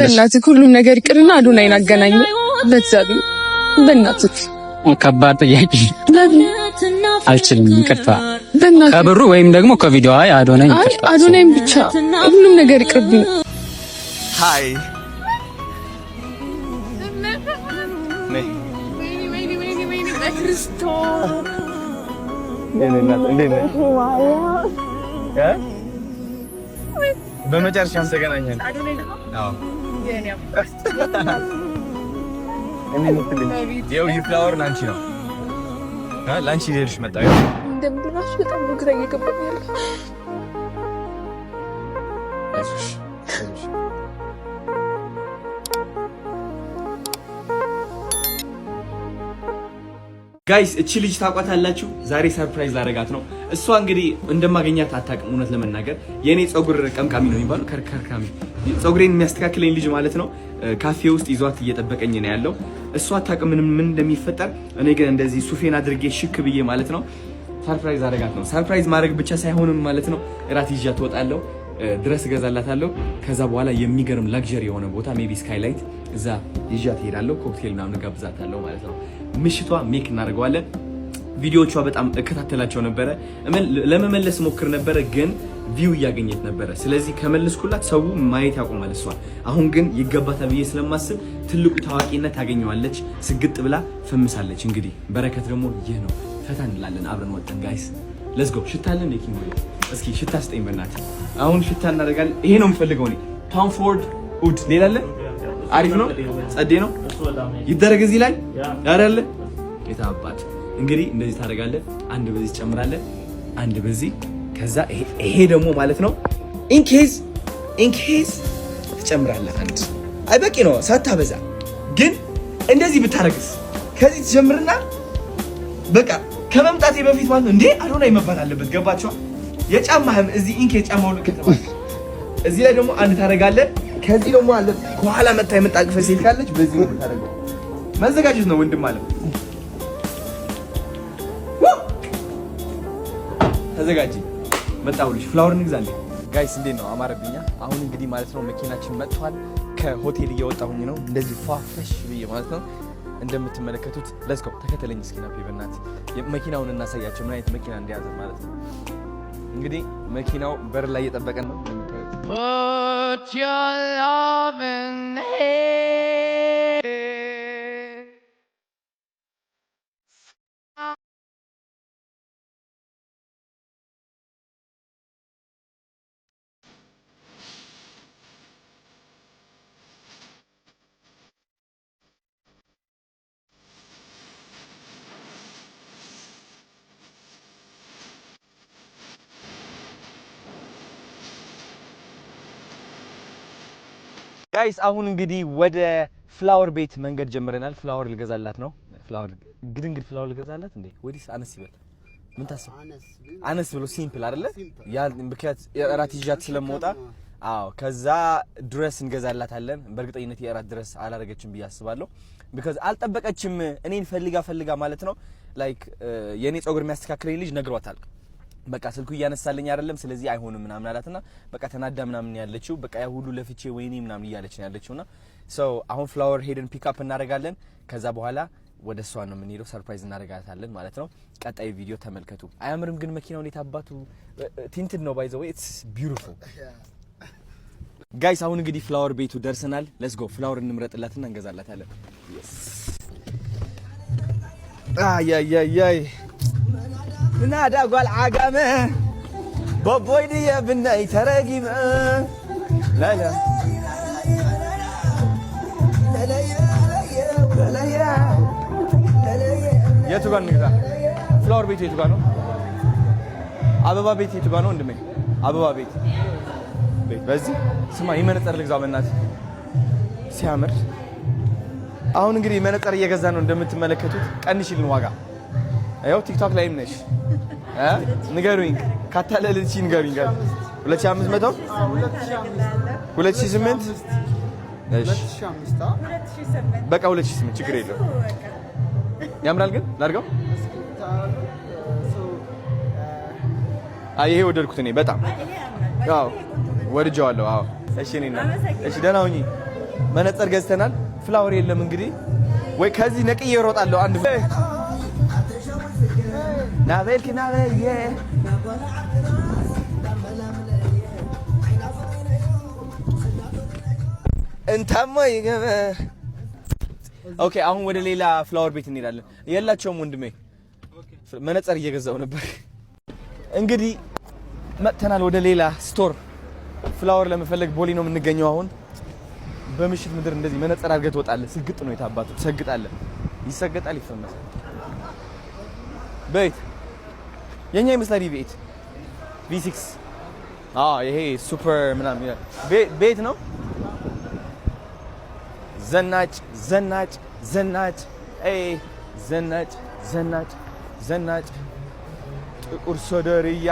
በእናትህ ሁሉም ነገር ይቅርና አዶናይን አገናኝ። በእግዚአብሔር በእናትህ ከባድ ጥያቄ አልችልም። ይቅርታ ከብሩ ወይም ደግሞ ከቪዲዮ አይ አዶናይን ይቅርታ፣ ብቻ ሁሉም ነገር ይቅርብኝ። ሃይ በመጨረሻም ተገናኘን። ፍላወር ለአንቺ ነው፣ ላንቺ ለአንቺ ሌልሽ መጣ እንደምድናች በጣም ግራ እየገባኝ ያለ ጋይስ እቺ ልጅ ታውቋታላችሁ። ዛሬ ሰርፕራይዝ ላደርጋት ነው። እሷ እንግዲህ እንደማገኛት አታውቅም። እውነት ለመናገር የእኔ ፀጉር ቀምቃሚ ነው የሚባለው ከርከርካሚ ፀጉሬን የሚያስተካክለኝ ልጅ ማለት ነው ካፌ ውስጥ ይዟት እየጠበቀኝ ነው ያለው። እሷ አታውቅም ምን እንደሚፈጠር። እኔ ግን እንደዚህ ሱፌን አድርጌ ሽክ ብዬ ማለት ነው ሰርፕራይዝ አደረጋት ነው። ሰርፕራይዝ ማድረግ ብቻ ሳይሆንም ማለት ነው እራት ይጃ ትወጣለሁ፣ ድረስ እገዛላታለሁ። ከዛ በኋላ የሚገርም ላግዠሪ የሆነ ቦታ ሜቢ ስካይላይት እዛ ይዣ ትሄዳለሁ። ኮክቴል ምናምን ጋብዛታለሁ ማለት ነው። ምሽቷ ሜክ እናደርገዋለን። ቪዲዮቿ በጣም እከታተላቸው ነበረ። ለመመለስ ሞክር ነበረ ግን ቪው እያገኘት ነበረ። ስለዚህ ከመለስኩላት ሰው ማየት ያቆማል። እሷን አሁን ግን ይገባታል ብዬ ስለማስብ ትልቁ ታዋቂነት ታገኘዋለች። ስግጥ ብላ ፈምሳለች። እንግዲህ በረከት ደግሞ ይህ ነው። ፈታ እንላለን አብረን ወጠን ጋይስ ለዝጎ ሽታለን ኪንጎ እስኪ ሽታ ስጠኝ በናት። አሁን ሽታ እናደርጋለን። ይሄ ነው የምፈልገው እኔ ፓምፎርድ ውድ ሌላለ አሪፍ ነው። ጸዴ ነው ይደረግ እዚህ ላይ ያዳለ የታባት እንግዲህ እንደዚህ ታደርጋለህ። አንድ በዚህ ትጨምራለህ፣ አንድ በዚህ ከዛ ይሄ ደግሞ ማለት ነው ኢንኬዝ ኢንኬዝ ትጨምራለህ። አንድ አይበቂ ነው ሳታበዛ። ግን እንደዚህ ብታረግስ ከዚህ ትጀምርና በቃ ከመምጣቴ በፊት ማለት ነው እንዴ አዶናይ መባል አለበት። ገባችኋል? የጫማህም እዚህ ኢንኬዝ ጫማውን ከተባለ እዚህ ላይ ደግሞ አንድ ታደርጋለህ። ከዚህ ደግሞ አለ ከኋላ መታ የምጣቅፈ ሴት ካለች በዚህ ታደርገው መዘጋጀት ነው ወንድም አለ ተዘጋጂ። መጣሁልሽ። ፍላወር እንግዛለን። ጋይስ እንዴት ነው? አማረብኛ። አሁን እንግዲህ ማለት ነው መኪናችን መጥቷል። ከሆቴል እየወጣሁኝ ነው እንደዚህ ፏፈሽ ብዬ ማለት ነው እንደምትመለከቱት። ለስኮ ተከተለኝ እስኪ ናፌ፣ በእናትህ መኪናውን እናሳያቸው ምን አይነት መኪና እንደያዘ ማለት ነው። እንግዲህ መኪናው በር ላይ እየጠበቀን ነው። ጋይስ አሁን እንግዲህ ወደ ፍላወር ቤት መንገድ ጀምረናል። ፍላወር ልገዛላት ነው። ፍላወር እንግዲህ ፍላወር ልገዛላት እንዴ! ወዲስ አነስ ይበል። ምን ታስብ? አነስ ብሎ ሲምፕል አይደለ? ያ ምክንያት እራት ይዣት ስለመውጣ አዎ፣ ከዛ ድረስ እንገዛላታለን። በእርግጠኝነት የእራት ድረስ አላደረገችም ብዬ አስባለሁ። ቢካዝ አልጠበቀችም እኔን ፈልጋ ፈልጋ ማለት ነው። ላይክ የእኔ ጸጉር የሚያስተካክለኝ ልጅ ነግሯታል። በቃ ስልኩ እያነሳልኝ አይደለም፣ ስለዚህ አይሆንም ምናምን አላትና በቃ ተናዳ ምናምን ያለችው በቃ ያ ሁሉ ለፍቼ ወይኔ ምናምን እያለች ነው ያለችውና ሰው አሁን ፍላወር ሄደን ፒክአፕ እናደርጋለን። ከዛ በኋላ ወደ እሷ ነው የምንሄደው፣ ሰርፕራይዝ እናደርጋታለን ማለት ነው። ቀጣይ ቪዲዮ ተመልከቱ። አያምርም ግን መኪናው እንዴት አባቱ ቲንትድ ነው። ባይ ዘ ዌይ ኢትስ ቢዩቲፉል ጋይስ። አሁን እንግዲህ ፍላወር ቤቱ ደርሰናል። ሌትስ ጎ ፍላወር እንምረጥላትና እንገዛላታለን። አይ አይ አይ ምናዳ ጓል ዓጋመ ቦቦይ ድየ ብናይ ተረጊመ የቱ ጋር ንግዛ? ፍላወር ቤቱ የቱ ጋር ነው? አበባ ቤት የቱ ጋር ነው? ወንድሜ አበባ ቤት በዚህ ስማ፣ የመነጠር ልግዛ በእናትህ ሲያምር። አሁን እንግዲህ መነጠር እየገዛ ነው እንደምትመለከቱት። ቀንሽልን ዋጋ ያው ቲክቶክ ላይም ነሽ እ ንገሩኝ ካታለልሽ ንገሩኝ። ጋር 2500 2008 እሺ፣ በቃ 2008 ችግር የለው ያምራል ግን ላድርገው። አይ ይሄ ወደድኩት እኔ በጣም ወድጀዋለሁ። አዎ፣ እሺ፣ እኔና እሺ፣ ደህና ሁኚ። መነጽር ገዝተናል። ፍላወር የለም እንግዲህ ወይ ከዚህ ነቅዬ እሮጣለሁ አንድ ናበልኪ ናበየ እንታማ ይገበ ኦኬ። አሁን ወደ ሌላ ፍላወር ቤት እንሄዳለን። የላቸውም ወንድሜ መነጽር እየገዛው ነበር። እንግዲህ መጥተናል ወደ ሌላ ስቶር ፍላወር ለመፈለግ ቦሌ ነው የምንገኘው። አሁን በምሽት ምድር እንደዚህ መነጽር አድርገህ ትወጣለህ። ስግጥ ነው የታባቱ ሰግጣለህ። ይሰገጣል፣ ይፈመሳል በይት የኛ ይመስላል ቤት ቪሲክስ። አዎ ይሄ ሱፐር ምናምን ቤት ነው። ዘናጭ ዘናጭ ዘናጭ ዘናጭ ዘናጭ ዘናጭ ጥቁር ሶደርያ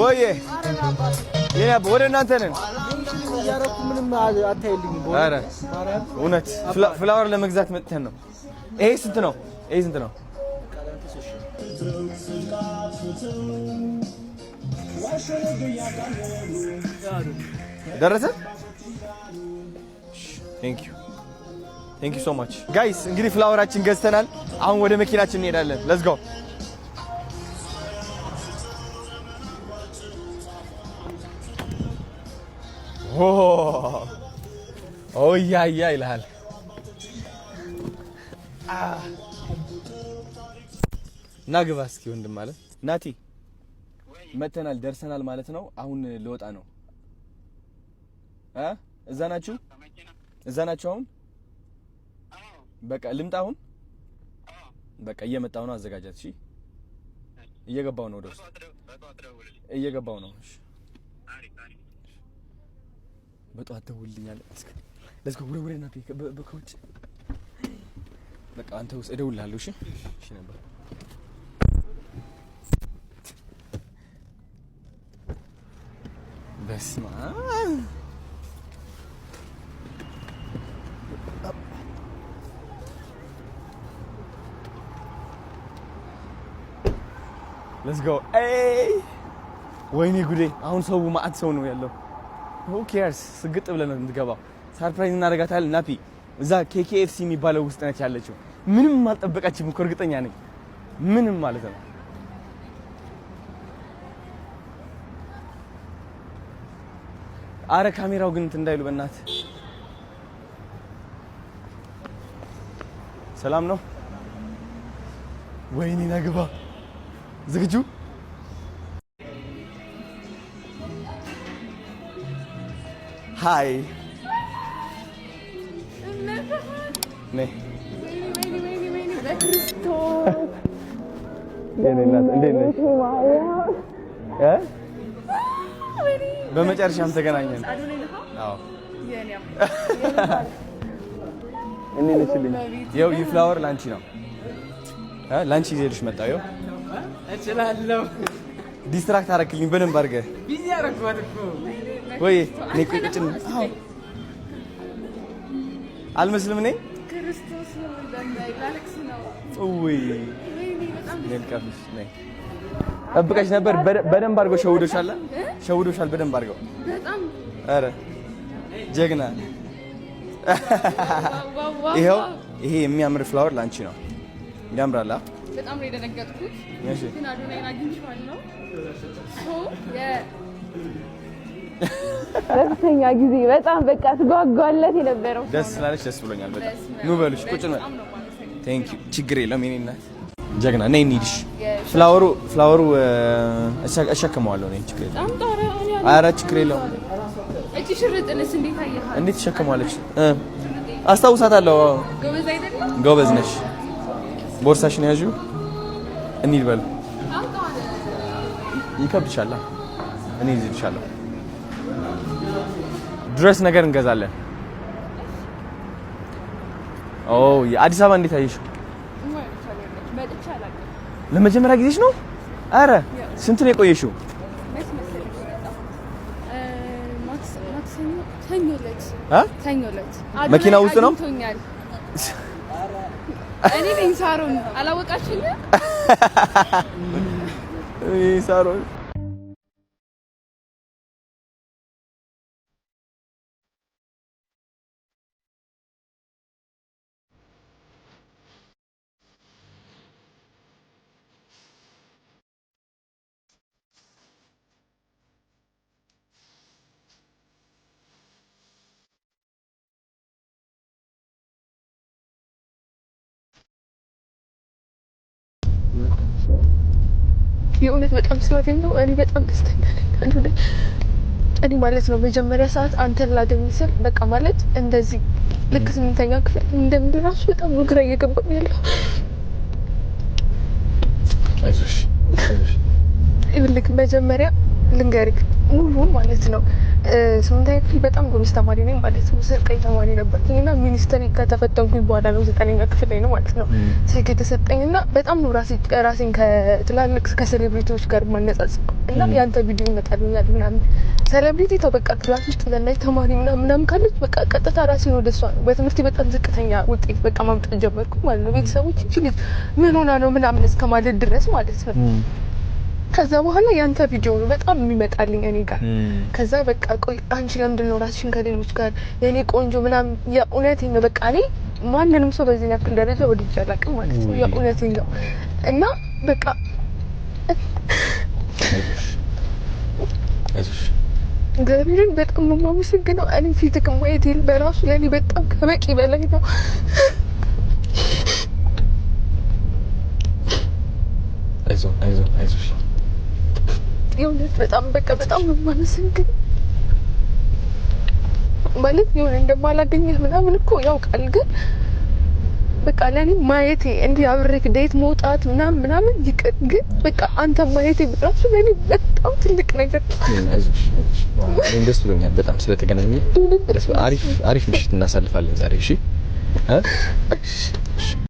ወዬ ወደ እናንተ ነን እውነት ፍላወር ለመግዛት መጥተን ነው። ይሄ ስንት ነው? ይሄ ስንት ነው? ደረሰ። ቴንክ ዩ ሶ ማች ጋይስ። እንግዲህ ፍላወራችን ገዝተናል። አሁን ወደ መኪናችን እንሄዳለን። ሌትስ ጎ እያያ ይልሃል። እና ግባ እስኪ ወንድም ማለት ናቲ፣ መተናል ደርሰናል ማለት ነው። አሁን ልወጣ ነው። እዛ ናችሁ? እዛ ናችሁ? አሁን በቃ ልምጣ። አሁን በቃ እየመጣው ነው። አዘጋጃት። እሺ፣ እየገባሁ ነው። ወደ ውስጥ እየገባሁ ነው። እሺ በጠዋት ደውልልኛል። ለስከ ውረውረ ና ከውጭ በቃ አንተ ውስጥ እደውልልሃለሁ። እሺ እሺ ነበር በስማ ሌትስ ጎ። ወይኔ ጉዴ! አሁን ሰው ማዕት ሰው ነው ያለው። ሁ ስግጥ ብለን ነው የምትገባው። ሰርፕራይዝ እናደርጋታለን። ናፒ እዛ ኬኬኤፍሲ የሚባለው ውስጥ ነች ያለችው። ምንም አልጠበቀችም እኮ እርግጠኛ ነኝ። ምንም ማለት ነው። አረ ካሜራው ግን እንትን እንዳይሉ በእናትህ። ሰላም ነው? ወይኔ ነግባ ዝግጁ ሀይ በመጨረሻም ተገናኘን። ይኸው ይህ ፍላወር ላንቺ ነው። ላንቺ ይዤልሽ መጣሁ። ይኸው እችላለሁ። ዲስትራክት አደረክልኝ በደንብ አድርገህ ቢዚ እኮ ወይ እኔ ቁጭን አልመስልም። እኔ ክርስቶስ ነው ነው ጠብቀሽ ነበር። በደንብ አድርገው ሸውዶሻል፣ ሸውዶሻል። በደንብ አድርገው ኧረ ጀግና። ይኸው ይሄ የሚያምር ፍላወር ላንቺ ነው። ያምራል። በጣም ነው የደነገጥኩት። ለብተኛ ጊዜ በጣም በቃ ትጓጓለት የነበረው ደስ ስላለች ደስ ብሎኛል። በጣም ኑ በሉሽ፣ ቁጭ ነው። ቴንክ ዩ። ችግር የለውም የእኔ እናት ጀግና ነይ እንሂድሽ። ፍላወሩ ፍላወሩ እሸክመዋለሁ እኔ ችግር የለውም። ኧረ ችግር የለውም። እቺ ሽርጥንስ እንዴት አየሃት? እንዴት ትሸክመዋለች? አስታውሳታለሁ። ጎበዝ አይደለም? ጎበዝ ነሽ። ቦርሳሽን ያዢው እንሂድ በሉ። ይከብድሻል። እኔ ይዤልሻለሁ ድረስ ነገር እንገዛለን። ኦ አዲስ አበባ እንዴት አየሽ? ለመጀመሪያ ጊዜሽ ነው? አረ ስንት ነው የቆየሽው? መኪና ውስጥ ነው። እኔ ሳሮን። አላወቃችሁኝ ሳሮን የእውነት በጣም ስላገኘሁ እኔ በጣም ደስተኛ ነኝ። እኔ ማለት ነው መጀመሪያ ሰዓት አንተን ላገኝ ስል በቃ ማለት እንደዚህ ልክ ስምንተኛ ክፍል እንደምንድን ራሱ በጣም ግራ እየገባኝ ያለው ልክ መጀመሪያ ልንገሪክ ሙሉውን ማለት ነው ስምንተኛ ክፍል በጣም ጎበዝ ተማሪ ነኝ ማለት ነው። ዘጠኝ ተማሪ ነበርኩኝ እና ሚኒስተሪ ከተፈተንኩኝ በኋላ ነው ዘጠነኛ ክፍል ላይ ነው ማለት ነው ስልክ የተሰጠኝ እና በጣም ነው ራሴን ከትላልቅ ከሴሌብሪቲዎች ጋር ማነጻጽ እና የአንተ ቪዲዮ ይመጣልኛል ምናምን። ሴሌብሪቲ ተው ክላስ ውስጥ ለላይ ተማሪ ምናምን ካለች በቃ ቀጥታ ራሴን ወደ እሷ በትምህርት በጣም ዝቅተኛ ውጤት በቃ ማምጣት ጀመርኩ ማለት ነው። ቤተሰቦች ችልጅ ምን ሆና ነው ምናምን እስከ ማለት ድረስ ማለት ነው ከዛ በኋላ ያንተ ቪዲዮ ነው በጣም የሚመጣልኝ እኔ ጋር። ከዛ በቃ ቆይ አንቺ ለምንድን ነው ራስሽን ከሌሎች ጋር የእኔ ቆንጆ ምናምን? የእውነቴን ነው በቃ እኔ ማንንም ሰው በዚህ ያክል ደረጃ ወድጄ አላውቅም ማለት ነው። የእውነቴን ነው እና በቃ እግዚአብሔርን በጣም ነው የማመሰግነው። እኔ ፊትክ ማየት በራሱ ለእኔ በጣም ከበቂ በላይ ነው። አይዞህ አይዞህ አይዞሽ የእውነት በጣም በቃ በጣም ነው ግን ማለት የሆነ እንደማላገኘህ ምናምን እኮ ያውቃል ግን በቃ ለእኔ ማየቴ እንዲህ አብሬክ ዴት መውጣት ምናምን ምናምን ይቅር፣ ግን በቃ አንተ ማየቴ ራሱ ለእኔ በጣም ትልቅ ነገር ነው። ደስ ብሎኛል በጣም ስለተገናኘ። አሪፍ ምሽት እናሳልፋለን ዛሬ። እሺ